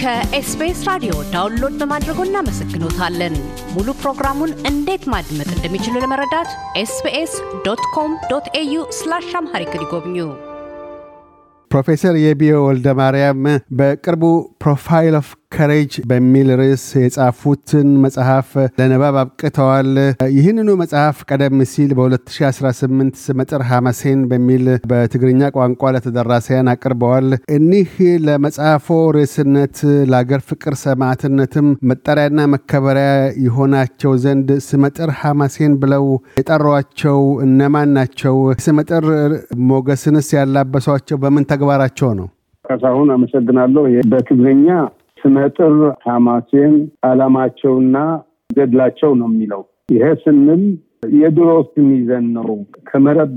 ከኤስቢኤስ ራዲዮ ዳውንሎድ በማድረጎ እናመሰግኖታለን። ሙሉ ፕሮግራሙን እንዴት ማድመጥ እንደሚችሉ ለመረዳት ኤስቢኤስ ዶት ኮም ዶት ኤዩ ስላሽ አምሃሪክ ይጎብኙ። ፕሮፌሰር የቢዮ ወልደ ማርያም በቅርቡ ፕሮፋይል ኦፍ ከሬጅ በሚል ርዕስ የጻፉትን መጽሐፍ ለንባብ አብቅተዋል። ይህንኑ መጽሐፍ ቀደም ሲል በ2018 ስመጥር ሐመሴን በሚል በትግርኛ ቋንቋ ለተደራሲያን አቅርበዋል። እኒህ ለመጽሐፎ ርዕስነት ለአገር ፍቅር ሰማዕትነትም መጠሪያና መከበሪያ የሆናቸው ዘንድ ስመጥር ሐመሴን ብለው የጠሯቸው እነማን ናቸው? ስመጥር ሞገስንስ ያላበሷቸው በምን ተግባራቸው ነው? ካሳሁን አመሰግናለሁ። በትግርኛ ስመጥር ሐማሴን አላማቸውና ገድላቸው ነው የሚለው። ይሄ ስንል የድሮ ስም ይዘን ነው። ከመረብ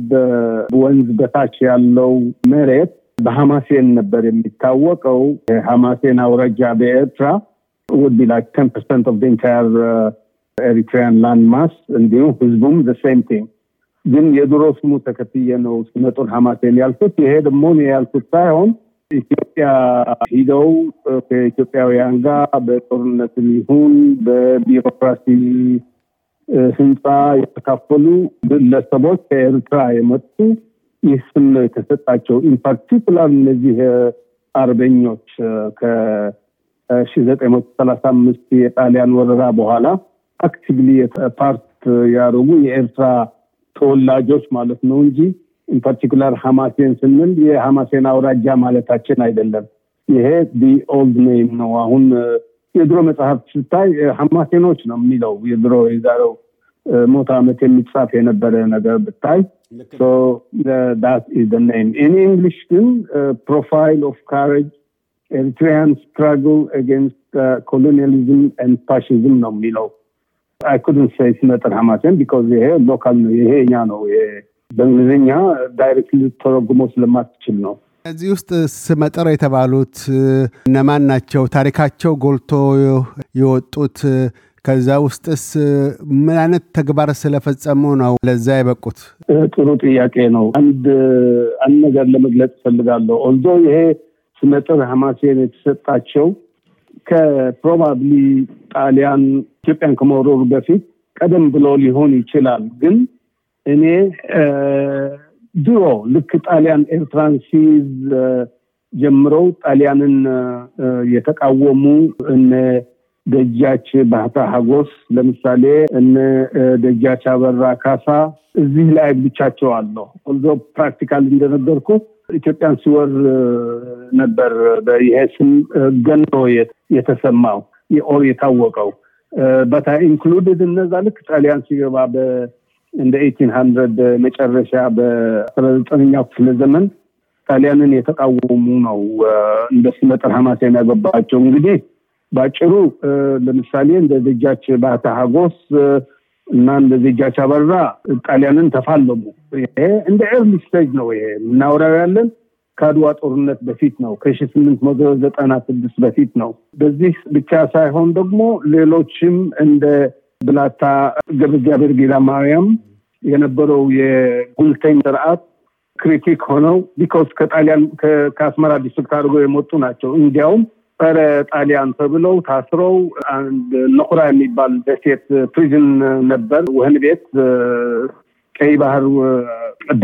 ወንዝ በታች ያለው መሬት በሐማሴን ነበር የሚታወቀው። የሐማሴን አውራጃ በኤርትራ ውድ ቢ ላይክ ቴን ፐርሰንት ኦፍ ኢንታየር ኤሪትሪያን ላንድ ማስ እንዲሁም ህዝቡም ዘ ሴም ቲንግ ግን የድሮ ስሙ ተከትዬ ነው ስመጡን ሐማሴን ያልኩት። ይሄ ደግሞ ያልኩት ሳይሆን ኢትዮጵያ ሂደው ከኢትዮጵያውያን ጋር በጦርነትም ይሁን በቢሮክራሲ ህንፃ የተካፈሉ ግለሰቦች ከኤርትራ የመጡ ይህ ስም ነው የተሰጣቸው። ኢንፓርቲኩላር እነዚህ አርበኞች ከሺ ዘጠኝ መቶ ሰላሳ አምስት የጣሊያን ወረራ በኋላ አክቲቭሊ ፓርት ያደረጉ የኤርትራ ተወላጆች ማለት ነው እንጂ ኢንፓርቲኩላር ሀማሴን ስንል የሀማሴን አውራጃ ማለታችን አይደለም። ይሄ ኦልድ ኔም ነው። አሁን uh, የድሮ መጽሐፍ ስታይ ሀማሴኖች uh, ነው የሚለው የድሮ የዛሬው ሞት uh, ዓመት የሚጻፍ የነበረ ነገር ብታይ ኔም ኢን ኢንግሊሽ ግን ፕሮፋይል ኦፍ ካሬጅ ኤሪትሪያን ስትራግል አጌንስት ኮሎኒያሊዝም ኤንድ ፋሽዝም ነው የሚለው አይኩድን ሴይ ስነጥር ሀማሴን ቢኮዝ ይሄ ሎካል ነው ይሄ እኛ ነው በእንግሊዝኛ ዳይሬክት ልተረጉሞ ስለማትችል ነው። እዚህ ውስጥ ስመጥር የተባሉት እነማን ናቸው? ታሪካቸው ጎልቶ የወጡት ከዛ ውስጥስ ምን አይነት ተግባር ስለፈጸሙ ነው ለዛ የበቁት? ጥሩ ጥያቄ ነው። አንድ አንድ ነገር ለመግለጽ እፈልጋለሁ። ኦልዶ ይሄ ስመጥር ሀማሴን የተሰጣቸው ከፕሮባብሊ ጣሊያን ኢትዮጵያን ከመወረሩ በፊት ቀደም ብሎ ሊሆን ይችላል ግን እኔ ድሮ ልክ ጣሊያን ኤርትራን ሲይዝ ጀምረው ጣሊያንን የተቃወሙ እነ ደጃች ባህታ ሀጎስ ለምሳሌ እነ ደጃች አበራ ካሳ እዚህ ላይ ብቻቸው አለሁ። ኦልዞ ፕራክቲካል እንደነበርኩ ኢትዮጵያን ሲወር ነበር ይሄ ስም ገኖ የተሰማው የታወቀው በታ ኢንክሉድድ እነዛ ልክ ጣሊያን ሲገባ እንደ ኤቲን ሀንድረድ መጨረሻ በአስራ ዘጠነኛው ክፍለ ዘመን ጣሊያንን የተቃወሙ ነው እንደ ስመጥር ሀማስ የሚያገባቸው እንግዲህ በአጭሩ ለምሳሌ እንደ ደጃች ባህታ ሀጎስ እና እንደ ደጃች አበራ ጣሊያንን ተፋለሙ። ይሄ እንደ ኤርሊ ስቴጅ ነው። ይሄ እናውራው ያለን ከአድዋ ጦርነት በፊት ነው። ከሺ ስምንት መቶ ዘጠና ስድስት በፊት ነው። በዚህ ብቻ ሳይሆን ደግሞ ሌሎችም እንደ ብላታ ገብረ እግዚአብሔር ጌዳ ማርያም የነበረው የጉልተኝ ስርዓት ክሪቲክ ሆነው ቢካውስ ከጣሊያን ከአስመራ ዲስትሪክት አድርገው የመጡ ናቸው። እንዲያውም ጸረ ጣሊያን ተብለው ታስረው አንድ የሚባል ደሴት ፕሪዝን ነበር፣ ወህኒ ቤት ቀይ ባህር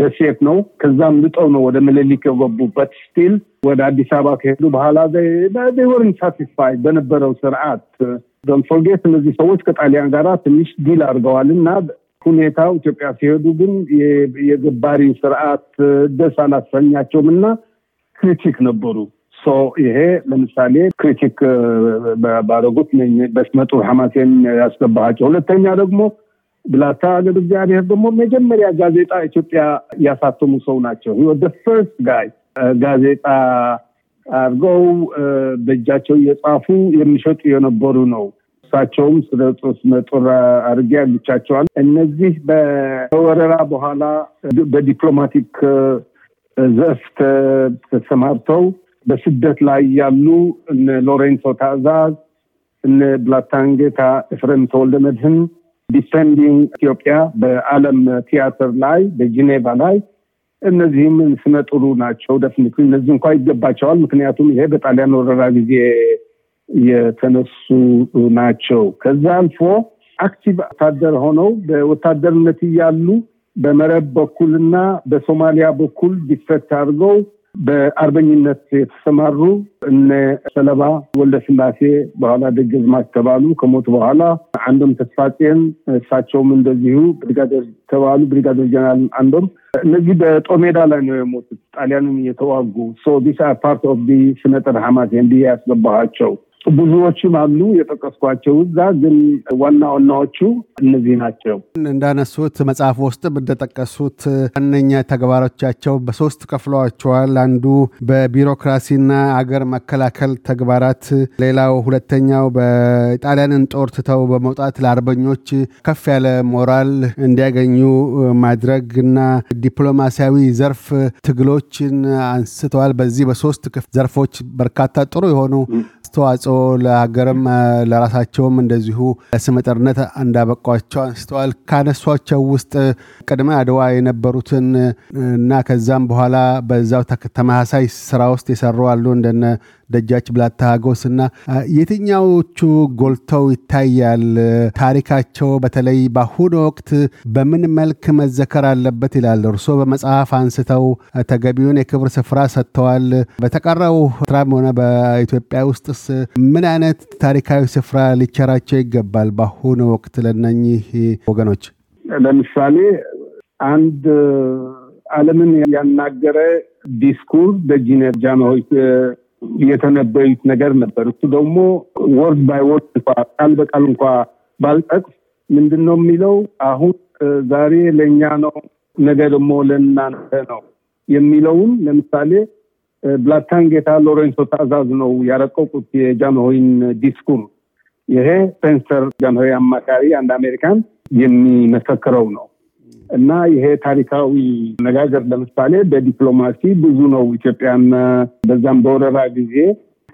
ደሴት ነው። ከዛም ልጠው ነው ወደ ምኒልክ የገቡበት። ስቲል ወደ አዲስ አበባ ከሄዱ በኋላ ወርን ሳቲስፋይ በነበረው ስርዓት ዶንት ፎርጌት እነዚህ ሰዎች ከጣሊያን ጋር ትንሽ ዲል አድርገዋል እና ሁኔታው ኢትዮጵያ ሲሄዱ ግን የገባሪ ስርዓት ደስ አላሰኛቸውም እና ክሪቲክ ነበሩ። ይሄ ለምሳሌ ክሪቲክ ባረጉት በስመጡር ሐማሴን ያስገባቸው። ሁለተኛ ደግሞ ብላታ ሀገር እግዚአብሔር ደግሞ መጀመሪያ ጋዜጣ ኢትዮጵያ ያሳተሙ ሰው ናቸው። ፈርስት ጋይ ጋዜጣ አድርገው በእጃቸው እየጻፉ የሚሸጡ የነበሩ ነው። እሳቸውም ስለ ጦስ መጦር አድርጌ ያሉቻቸዋል። እነዚህ በወረራ በኋላ በዲፕሎማቲክ ዘርፍ ተሰማርተው በስደት ላይ ያሉ እነ ሎሬንሶ ታዕዛዝ፣ እነ ብላታንጌታ እፍረም ተወልደ መድህን ዲፌንዲንግ ኢትዮጵያ በዓለም ቲያትር ላይ በጂኔቫ ላይ እነዚህም ስመጥሩ ናቸው። ደፍኒት እነዚህ እንኳ ይገባቸዋል። ምክንያቱም ይሄ በጣሊያን ወረራ ጊዜ የተነሱ ናቸው። ከዛ አልፎ አክቲቭ ወታደር ሆነው በወታደርነት እያሉ በመረብ በኩልና በሶማሊያ በኩል ቢፈት አድርገው በአርበኝነት የተሰማሩ እነ ሰለባ ወልደስላሴ በኋላ ደጃዝማች ተባሉ። ከሞት በኋላ አንዶም ተስፋጽን እሳቸውም እንደዚሁ ብሪጋደር ተባሉ። ብሪጋደር ጀነራል አንዶም እነዚህ በጦር ሜዳ ላይ ነው የሞቱት ጣሊያንን እየተዋጉ ሶ ዲስ ፓርት ኦፍ ዲ ጥር ሀማት እንዲ ያስገባቸው ብዙዎችም አሉ የጠቀስኳቸው እዛ ግን ዋና ዋናዎቹ እነዚህ ናቸው። እንዳነሱት መጽሐፍ ውስጥ እንደጠቀሱት ዋነኛ ተግባሮቻቸው በሶስት ከፍለዋቸዋል። አንዱ በቢሮክራሲና አገር መከላከል ተግባራት፣ ሌላው ሁለተኛው በጣሊያንን ጦር ትተው በመውጣት ለአርበኞች ከፍ ያለ ሞራል እንዲያገኙ ማድረግ እና ዲፕሎማሲያዊ ዘርፍ ትግሎችን አንስተዋል። በዚህ በሶስት ዘርፎች በርካታ ጥሩ የሆኑ አስተዋጽኦ ለሀገርም ለራሳቸውም እንደዚሁ ለስመጥርነት እንዳበቋቸው አንስተዋል። ካነሷቸው ውስጥ ቅድመ አድዋ የነበሩትን እና ከዛም በኋላ በዛው ተመሳሳይ ስራ ውስጥ የሰሩ አሉ እንደነ ደጃች እና የትኛዎቹ ጎልተው ይታያል? ታሪካቸው በተለይ በአሁኑ ወቅት በምን መልክ መዘከር አለበት ይላል? እርሶ በመጽሐፍ አንስተው ተገቢውን የክብር ስፍራ ሰጥተዋል። በተቀረው ኤርትራም ሆነ በኢትዮጵያ ውስጥስ ምን አይነት ታሪካዊ ስፍራ ሊቸራቸው ይገባል? በአሁኑ ወቅት ለነኚህ ወገኖች ለምሳሌ አንድ ዓለምን ያናገረ ዲስኩር ደጅነ ጃንሆይ የተነበዩት ነገር ነበር። እሱ ደግሞ ወርድ ባይ ወርድ እንኳ ቃል በቃል እንኳ ባልጠቅስ ምንድን ነው የሚለው አሁን ዛሬ ለእኛ ነው፣ ነገ ደግሞ ለእናንተ ነው የሚለውን ለምሳሌ ብላታን ጌታ ሎሬንሶ ታእዛዝ ነው ያረቀቁት የጃንሆይን ዲስኩር። ይሄ ፔንሰር ጃንሆይ አማካሪ አንድ አሜሪካን የሚመሰክረው ነው። እና ይሄ ታሪካዊ አነጋገር ለምሳሌ በዲፕሎማሲ ብዙ ነው። ኢትዮጵያን በዛም በወረራ ጊዜ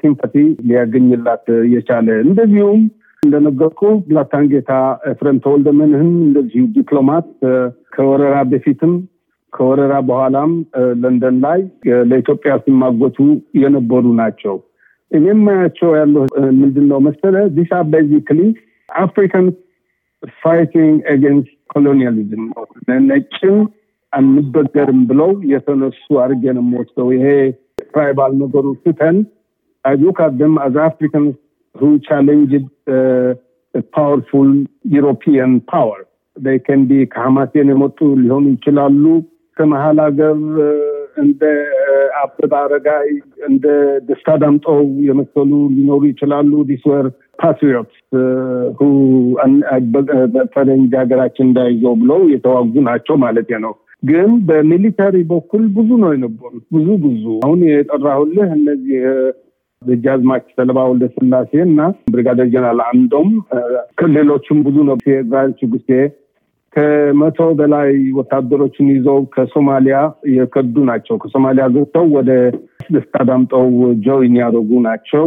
ሲምፓቲ ሊያገኝላት የቻለ እንደዚሁም እንደነገርኩ ብላቴንጌታ ኤፍሬም ተወልደ መድህን እንደዚሁ ዲፕሎማት ከወረራ በፊትም ከወረራ በኋላም ለንደን ላይ ለኢትዮጵያ ሲማጎቱ የነበሩ ናቸው። እኔም ማያቸው ያለው ምንድን ነው መሰለ ዲስ አር ቤዚክሊ አፍሪካን ፋይቲንግ አጋንስት ኮሎኒያሊዝም ነው ነጭም አንበገርም ብለው የተነሱ አድርጌ ነው የምወስደው። ይሄ ትራይባል ነገሩ ስተን አይ ሉክ አት ዘም አዝ አፍሪካንስ ሁ ቻሌንጅድ ፓወርፉል ዩሮፒያን ፓወር they can be ከሐማሴን የመጡ ሊሆኑ ይችላሉ። ከመሀል ሀገር እንደ አበበ አረጋይ፣ እንደ ደስታ ዳምጠው የመሰሉ ሊኖሩ ይችላሉ። ዲስወር ወር ፓትሪዮትስ ሀገራችን እንዳይዘው ብለው የተዋጉ ናቸው ማለት ነው። ግን በሚሊታሪ በኩል ብዙ ነው የነበሩት። ብዙ ብዙ አሁን የጠራሁልህ እነዚህ uh, ደጃዝማች ሰለባ ወልደ ስላሴ እና ብሪጋደር ጀነራል አምዶም uh, ከሌሎችም ብዙ ነው። ራይል ችጉሴ ከመቶ በላይ ወታደሮችን ይዘው ከሶማሊያ የከዱ ናቸው። ከሶማሊያ ገብተው ወደ ደስታ ዳምጠው ጆይን ያደረጉ ናቸው።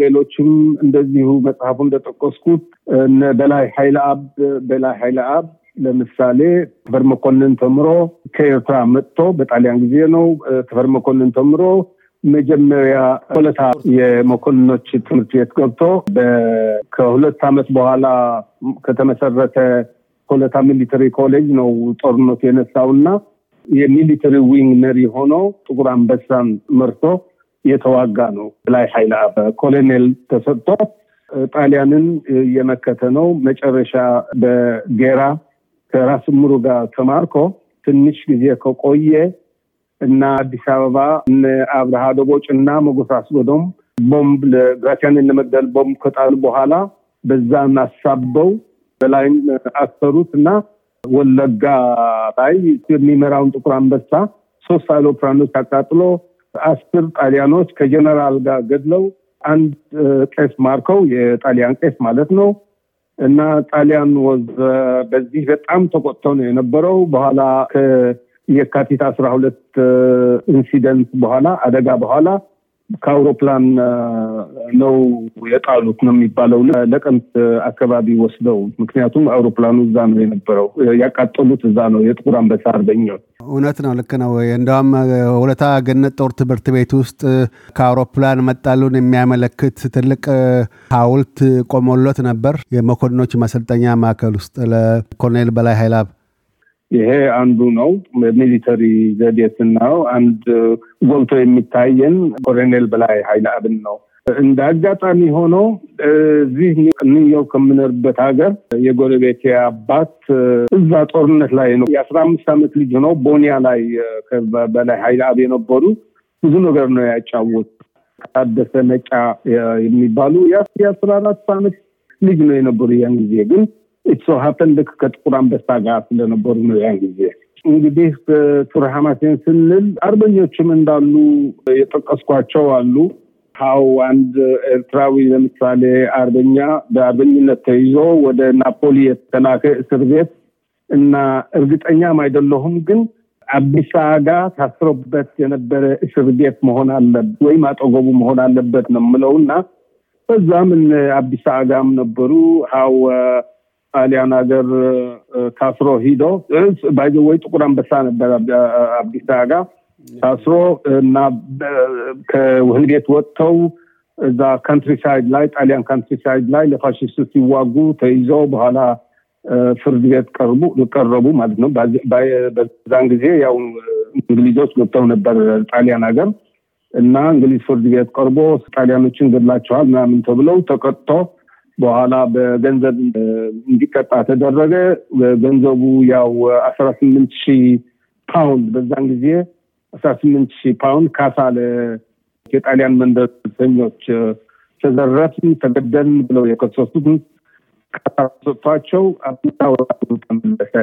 ሌሎችም እንደዚሁ መጽሐፉ እንደጠቀስኩት እነ በላይ ኃይለ አብ በላይ ኃይለ አብ ለምሳሌ ተፈር መኮንን ተምሮ ከኤርትራ መጥቶ በጣሊያን ጊዜ ነው። ተፈር መኮንን ተምሮ መጀመሪያ ሆለታ የመኮንኖች ትምህርት ቤት ገብቶ ከሁለት ዓመት በኋላ ከተመሰረተ ኮለታ ሚሊተሪ ኮሌጅ ነው ጦርነቱ የነሳውና የሚሊተሪ ዊንግ መሪ ሆኖ ጥቁር አንበሳን መርቶ የተዋጋ ነው። ላይ ኃይል ኮሎኔል ተሰጥቶ ጣሊያንን የመከተ ነው። መጨረሻ በጌራ ከራስ ምሩ ጋር ተማርኮ ትንሽ ጊዜ ከቆየ እና አዲስ አበባ አብርሃ ደቦጭ እና ሞገስ አስጎዶም ቦምብ ለግራቻንን ለመግደል ቦምብ ከጣሉ በኋላ በዛ እናሳበው በላይም አሰሩት እና ወለጋ ላይ የሚመራውን ጥቁር አንበሳ ሶስት አይሮፕላኖች አቃጥሎ አስር ጣሊያኖች ከጀነራል ጋር ገድለው አንድ ቄስ ማርከው የጣሊያን ቄስ ማለት ነው እና ጣሊያን ወዝ በዚህ በጣም ተቆጥተው ነው የነበረው። በኋላ የካቲት አስራ ሁለት ኢንሲደንት በኋላ አደጋ በኋላ ከአውሮፕላን ነው የጣሉት ነው የሚባለው ለቀምት አካባቢ ወስደው፣ ምክንያቱም አውሮፕላኑ እዛ ነው የነበረው። ያቃጠሉት እዛ ነው የጥቁር አንበሳ አርበኛው። እውነት ነው፣ ልክ ነው። እንደውም ሁለታ ገነት ጦር ትምህርት ቤት ውስጥ ከአውሮፕላን መጣሉን የሚያመለክት ትልቅ ሐውልት ቆሞሎት ነበር የመኮንኖች ማሰልጠኛ ማዕከል ውስጥ ለኮሎኔል በላይ ኃይላብ ይሄ አንዱ ነው። ሚሊተሪ ዘዴት ነው አንድ ጎልቶ የሚታየን ኮሎኔል በላይ ሀይል አብን ነው። እንደ አጋጣሚ ሆኖ እዚህ ንየው ከምኖርበት ሀገር የጎረቤቴ አባት እዛ ጦርነት ላይ ነው የአስራ አምስት ዓመት ልጅ ነው ቦኒያ ላይ በላይ አብ የነበሩ ብዙ ነገር ነው ያጫወት ታደሰ ነጫ የሚባሉ የአስራ አራት ዓመት ልጅ ነው የነበሩ ያን ጊዜ ግን ኢትሶ ሀፕን ልክ ከጥቁር አንበሳ ጋር ስለነበሩ ነው ያን ጊዜ እንግዲህ ቱርሃማሴን ስንል አርበኞችም እንዳሉ የጠቀስኳቸው አሉ ሀው አንድ ኤርትራዊ ለምሳሌ አርበኛ በአርበኝነት ተይዞ ወደ ናፖሊ የተላከ እስር ቤት እና እርግጠኛም አይደለሁም ግን አቢሳ ጋ ታስሮበት የነበረ እስር ቤት መሆን አለበት ወይም አጠገቡ መሆን አለበት ነው ምለው እና በዛም አቢሳ ጋም ነበሩ ሀው ጣሊያን ሀገር ታስሮ ሂዶ ባይዘወይ ጥቁር አንበሳ ነበር አዲስ አጋ ታስሮ እና ከወህኒ ቤት ወጥተው እዛ ካንትሪ ሳይድ ላይ ጣሊያን ካንትሪ ሳይድ ላይ ለፋሽስቱ ሲዋጉ ተይዞ በኋላ ፍርድ ቤት ቀርቡ ቀረቡ ማለት ነው። በዛን ጊዜ ያው እንግሊዞች ገብተው ነበር ጣሊያን ሀገር እና እንግሊዝ ፍርድ ቤት ቀርቦ ጣሊያኖችን ገድላቸዋል ምናምን ተብለው ተቀጥቶ በኋላ በገንዘብ እንዲቀጣ ተደረገ። ገንዘቡ ያው አስራ ስምንት ሺህ ፓውንድ በዛን ጊዜ አስራ ስምንት ሺህ ፓውንድ ካሳ የጣሊያን መንደርተኞች ተዘረፍን፣ ተገደልን ብለው የከሰሱትን ካሳ ሰጥቷቸው አብታ ወጣ ተመለሰ።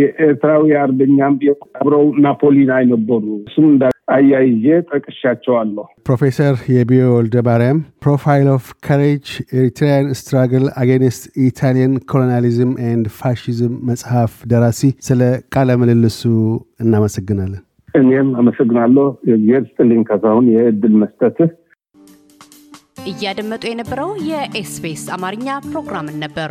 የኤርትራዊ አርበኛም አብረው ናፖሊ ላይ ነበሩ። እሱም እንዳ አያይዤ ጠቅሻቸዋለሁ። ፕሮፌሰር የቢዮ ወልደ ማርያም ፕሮፋይል ኦፍ ካሬጅ ኤሪትሪያን ስትራግል አጌንስት ኢታሊያን ኮሎናሊዝም ኤንድ ፋሽዝም መጽሐፍ ደራሲ፣ ስለ ቃለ ምልልሱ እናመሰግናለን። እኔም አመሰግናለሁ። እግዚአብሔር ይስጥልኝ ካሳሁን የእድል መስጠትህ። እያደመጡ የነበረው የኤስፔስ አማርኛ ፕሮግራምን ነበር።